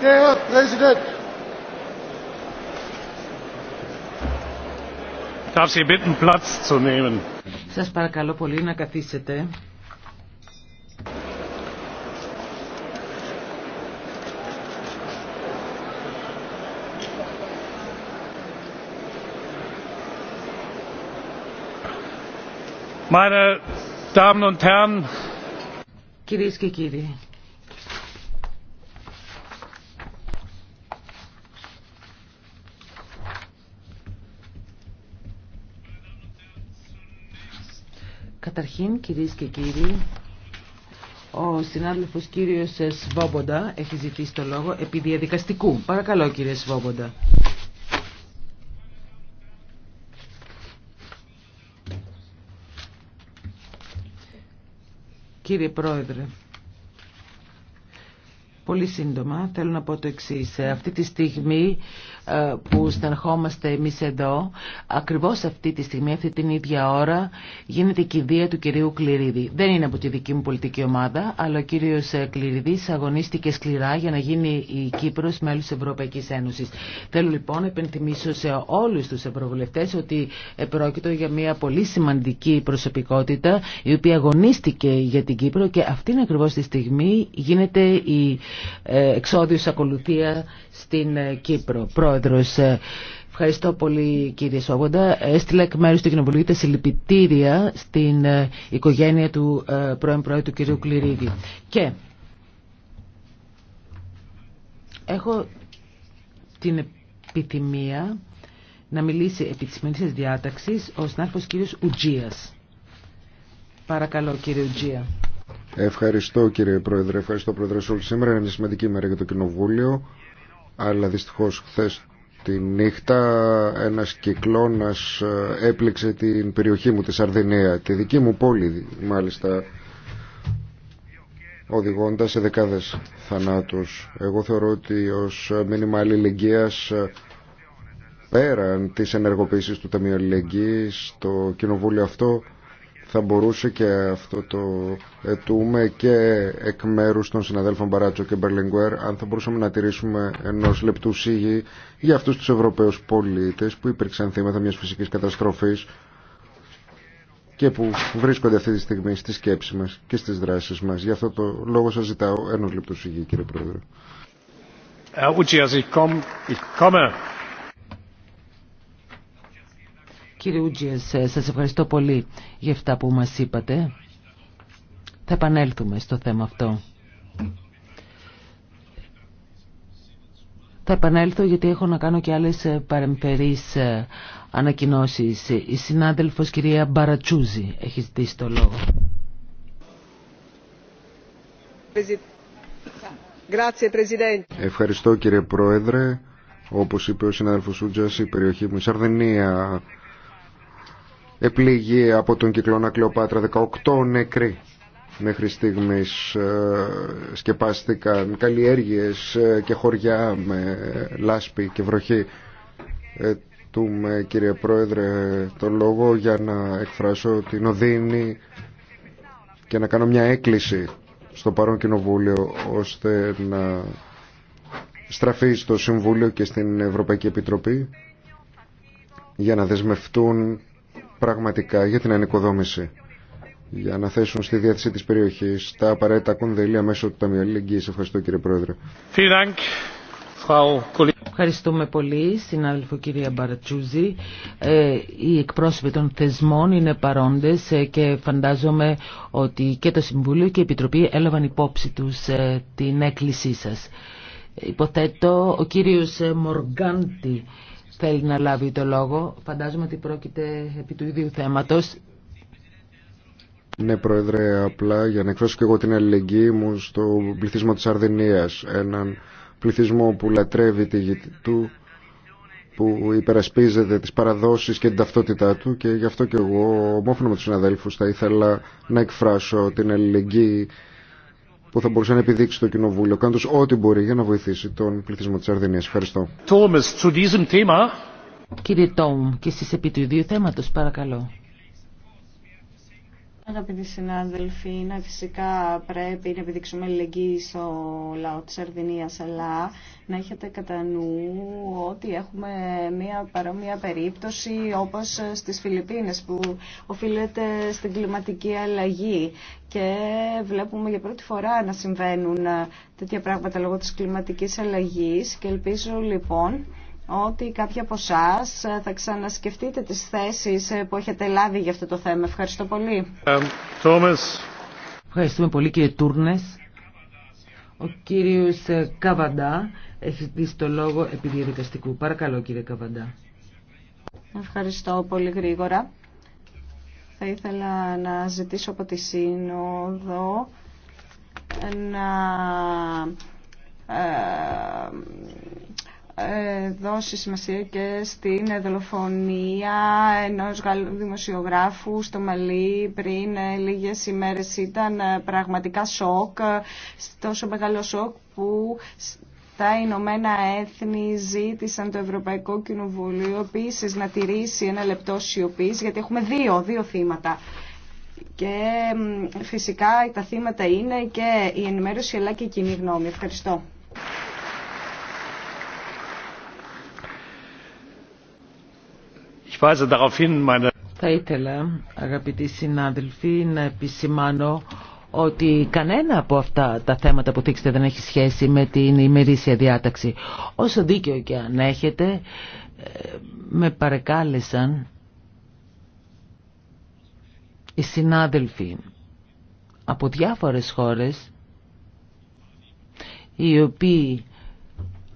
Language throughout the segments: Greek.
Herr Präsident! Darf Sie bitten, Platz zu nehmen. Σας παρακαλώ πολύ να καθίσετε. Meine Damen und Herren, Κυρίες και κύριοι, Καταρχήν, κυρίες και κύριοι, ο συνάδελφος κύριος Σβόμποντα έχει ζητήσει το λόγο επί διαδικαστικού. Παρακαλώ κύριε Σβόμποντα. Κύριε Πρόεδρε. Πολύ σύντομα θέλω να πω το εξή. Ε, αυτή τη στιγμή ε, που στερχόμαστε εμείς εδώ, ακριβώς αυτή τη στιγμή, αυτή την ίδια ώρα, γίνεται η κηδεία του κυρίου Κληρίδη. Δεν είναι από τη δική μου πολιτική ομάδα, αλλά ο κύριος ε, Κληρίδης αγωνίστηκε σκληρά για να γίνει η Κύπρος μέλος της Ευρωπαϊκής Ένωσης. Θέλω λοιπόν να επενθυμίσω σε όλους τους ευρωβουλευτές ότι πρόκειται για μια πολύ σημαντική προσωπικότητα η οποία αγωνίστηκε για την Κύπρο και αυτήν ακριβώς τη στιγμή γίνεται η ε, εξόδιους ακολουθία στην ε, Κύπρο. Πρόεδρος, ε, Ευχαριστώ πολύ κύριε Σόγοντα. Έστειλα εκ μέρους του Κοινοβουλίου τα συλληπιτήρια στην οικογένεια του πρώην πρόεδρου του κυρίου Κληρίδη. Και έχω την επιθυμία να μιλήσει επί της μηνύσης διάταξης ο συνάρχος κύριος Ουτζίας. Παρακαλώ κύριε Ουτζία. Ευχαριστώ κύριε Πρόεδρε, ευχαριστώ Πρόεδρε Σούλ. Σήμερα είναι μια σημαντική μέρα για το Κοινοβούλιο, αλλά δυστυχώς χθε τη νύχτα ένας κυκλώνας ε, έπληξε την περιοχή μου, τη Σαρδινία, τη δική μου πόλη μάλιστα, οδηγώντας σε δεκάδε θανάτους. Εγώ θεωρώ ότι ως μήνυμα αλληλεγγύα ε, πέραν της ενεργοποίησης του Ταμείου Αλληλεγγύης, το κοινοβούλιο αυτό θα μπορούσε και αυτό το ετούμε και εκ μέρου των συναδέλφων Μπαράτσο και Μπερλιγκουέρ αν θα μπορούσαμε να τηρήσουμε ενό λεπτού σίγη για αυτούς τους Ευρωπαίους πολίτες που υπήρξαν θύματα μιας φυσικής καταστροφής και που βρίσκονται αυτή τη στιγμή στη σκέψη μας και στις δράσεις μας. Γι' αυτό το λόγο σας ζητάω ενός λεπτού σίγη κύριε Πρόεδρε. Κύριε Ούτζιες, ε, σας ευχαριστώ πολύ για αυτά που μας είπατε. Θα επανέλθουμε στο θέμα αυτό. Θα επανέλθω γιατί έχω να κάνω και άλλες ε, παρεμφερείς ε, ανακοινώσεις. Η συνάδελφος κυρία Μπαρατσούζη έχει ζητήσει το λόγο. Ευχαριστώ κύριε Πρόεδρε. Όπως είπε ο συνάδελφος Ούτζας, η περιοχή μου η Σαρδενία επλήγει από τον κυκλώνα Κλεοπάτρα 18 νεκροί μέχρι στιγμής ε, σκεπάστηκαν καλλιέργειες ε, και χωριά με λάσπη και βροχή Ετούμε κύριε Πρόεδρε το λόγο για να εκφράσω την οδύνη και να κάνω μια έκκληση στο παρόν κοινοβούλιο ώστε να στραφεί στο Συμβούλιο και στην Ευρωπαϊκή Επιτροπή για να δεσμευτούν πραγματικά για την ανοικοδόμηση για να θέσουν στη διάθεση τη περιοχή τα απαραίτητα κονδυλία μέσω του Ταμείου Αλληλεγγύη. Ευχαριστώ κύριε Πρόεδρε. Ευχαριστούμε πολύ, συνάδελφο κυρία Μπαρατσούζη. Ε, οι εκπρόσωποι των θεσμών είναι παρόντες ε, και φαντάζομαι ότι και το Συμβούλιο και η Επιτροπή έλαβαν υπόψη τους ε, την έκκλησή σας. Υποθέτω ο κύριος Μοργάντη θέλει να λάβει το λόγο. Φαντάζομαι ότι πρόκειται επί του ίδιου θέματος. Ναι, Πρόεδρε, απλά για να εκφράσω και εγώ την αλληλεγγύη μου στο πληθυσμό της Αρδενίας. Έναν πληθυσμό που λατρεύει τη γη του, που υπερασπίζεται τις παραδόσεις και την ταυτότητά του και γι' αυτό και εγώ, ομόφωνα με τους συναδέλφους, θα ήθελα να εκφράσω την αλληλεγγύη που θα μπορούσε να επιδείξει το Κοινοβούλιο, κάνοντας ό,τι μπορεί για να βοηθήσει τον πληθυσμό της Αρδενίας. Ευχαριστώ. Κύριε Τόμ, και εσεί επί του ιδίου θέματος, παρακαλώ. Αγαπητοί συνάδελφοι, να φυσικά πρέπει να επιδείξουμε λεγγύη στο λαό της Αρδινίας, αλλά να έχετε κατά νου ότι έχουμε μια παρόμοια περίπτωση όπως στις Φιλιππίνες που οφείλεται στην κλιματική αλλαγή και βλέπουμε για πρώτη φορά να συμβαίνουν τέτοια πράγματα λόγω της κλιματικής αλλαγής και ελπίζω λοιπόν ότι κάποια από εσά ε, θα ξανασκεφτείτε τις θέσεις ε, που έχετε λάβει για αυτό το θέμα. Ευχαριστώ πολύ. Ευχαριστούμε πολύ κύριε Τούρνες. Ο κύριος ε, Καβαντά έχει δει το λόγο επί διαδικαστικού. Παρακαλώ κύριε Καβαντά. Ευχαριστώ πολύ γρήγορα. Θα ήθελα να ζητήσω από τη Σύνοδο να δώσει σημασία και στην δολοφονία ενός Γαλλού δημοσιογράφου στο Μαλί πριν λίγες ημέρες. Ήταν ε, πραγματικά σοκ, τόσο μεγάλο σοκ που τα Ηνωμένα Έθνη ζήτησαν το Ευρωπαϊκό Κοινοβούλιο επίση να τηρήσει ένα λεπτό σιωπή, γιατί έχουμε δύο, δύο θύματα. Και φυσικά τα θύματα είναι και η ενημέρωση αλλά και η κοινή γνώμη. Ευχαριστώ. Θα ήθελα, αγαπητοί συνάδελφοι, να επισημάνω ότι κανένα από αυτά τα θέματα που θίξετε δεν έχει σχέση με την ημερήσια διάταξη. Όσο δίκαιο και αν έχετε, ε, με παρεκάλεσαν οι συνάδελφοι από διάφορες χώρες οι οποίοι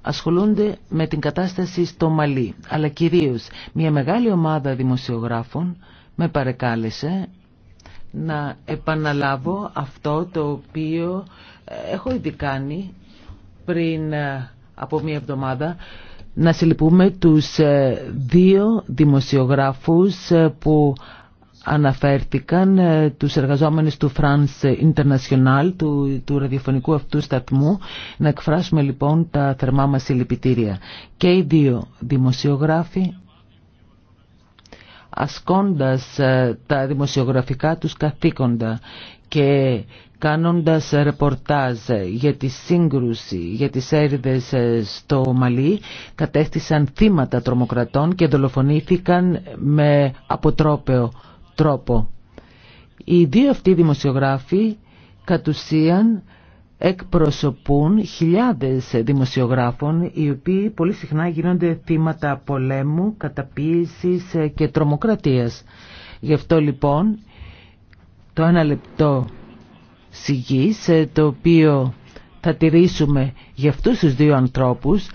ασχολούνται με την κατάσταση στο Μαλί, αλλά κυρίως μια μεγάλη ομάδα δημοσιογράφων με παρεκάλεσε να επαναλάβω αυτό το οποίο ε, έχω ήδη κάνει πριν ε, από μια εβδομάδα να συλληπούμε τους ε, δύο δημοσιογράφους που αναφέρθηκαν ε, τους εργαζόμενους του France International, του, του ραδιοφωνικού αυτού σταθμού, να εκφράσουμε λοιπόν τα θερμά μας συλληπιτήρια. Και οι δύο δημοσιογράφοι ασκώντας ε, τα δημοσιογραφικά τους καθήκοντα και κάνοντας ρεπορτάζ για τη σύγκρουση, για τις έρηδες ε, στο Μαλί, κατέστησαν θύματα τρομοκρατών και δολοφονήθηκαν με αποτρόπαιο τρόπο. Οι δύο αυτοί δημοσιογράφοι κατ' ουσίαν εκπροσωπούν χιλιάδες δημοσιογράφων οι οποίοι πολύ συχνά γίνονται θύματα πολέμου, καταπίεσης και τρομοκρατίας. Γι' αυτό λοιπόν το ένα λεπτό σιγής ε, το οποίο θα τηρήσουμε για αυτούς τους δύο ανθρώπους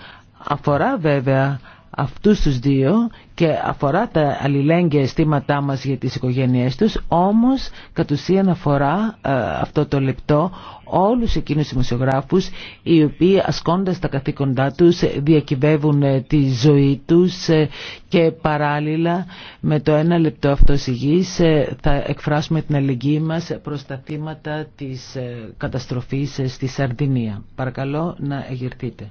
αφορά βέβαια αυτούς τους δύο και αφορά τα αλληλέγγυα αισθήματά μας για τις οικογένειές τους, όμως κατ' ουσίαν αφορά ε, αυτό το λεπτό όλους εκείνους τους δημοσιογράφους οι οποίοι ασκώντας τα καθήκοντά τους διακυβεύουν ε, τη ζωή τους ε, και παράλληλα με το ένα λεπτό αυτός ε, θα εκφράσουμε την αλληλεγγύη μας προς τα θύματα της καταστροφής στη Σαρδινία. Παρακαλώ να εγερθείτε.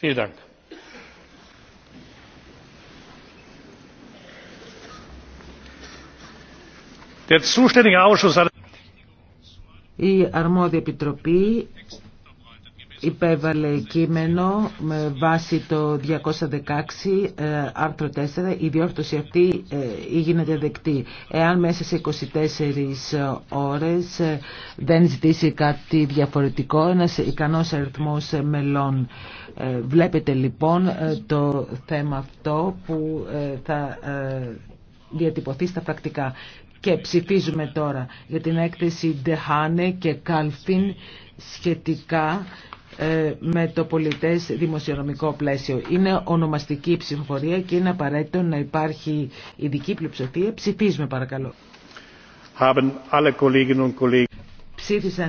vielen dank! η αρμόδια επιτροπή υπέβαλε κείμενο με βάση το 216 ε, άρθρο 4. Η διόρθωση αυτή ε, γίνεται δεκτή. Εάν μέσα σε 24 ώρες ε, δεν ζητήσει κάτι διαφορετικό, ένας ικανός αριθμός μελών. Βλέπετε λοιπόν το θέμα αυτό που θα διατυπωθεί στα πρακτικά. Και ψηφίζουμε τώρα για την έκθεση Ντεχάνε και Κάλφιν σχετικά ε, με το πολιτές δημοσιονομικό πλαίσιο. Είναι ονομαστική ψηφοφορία και είναι απαραίτητο να υπάρχει ειδική πλειοψηφία. Ψηφίζουμε παρακαλώ. Ψήφισαν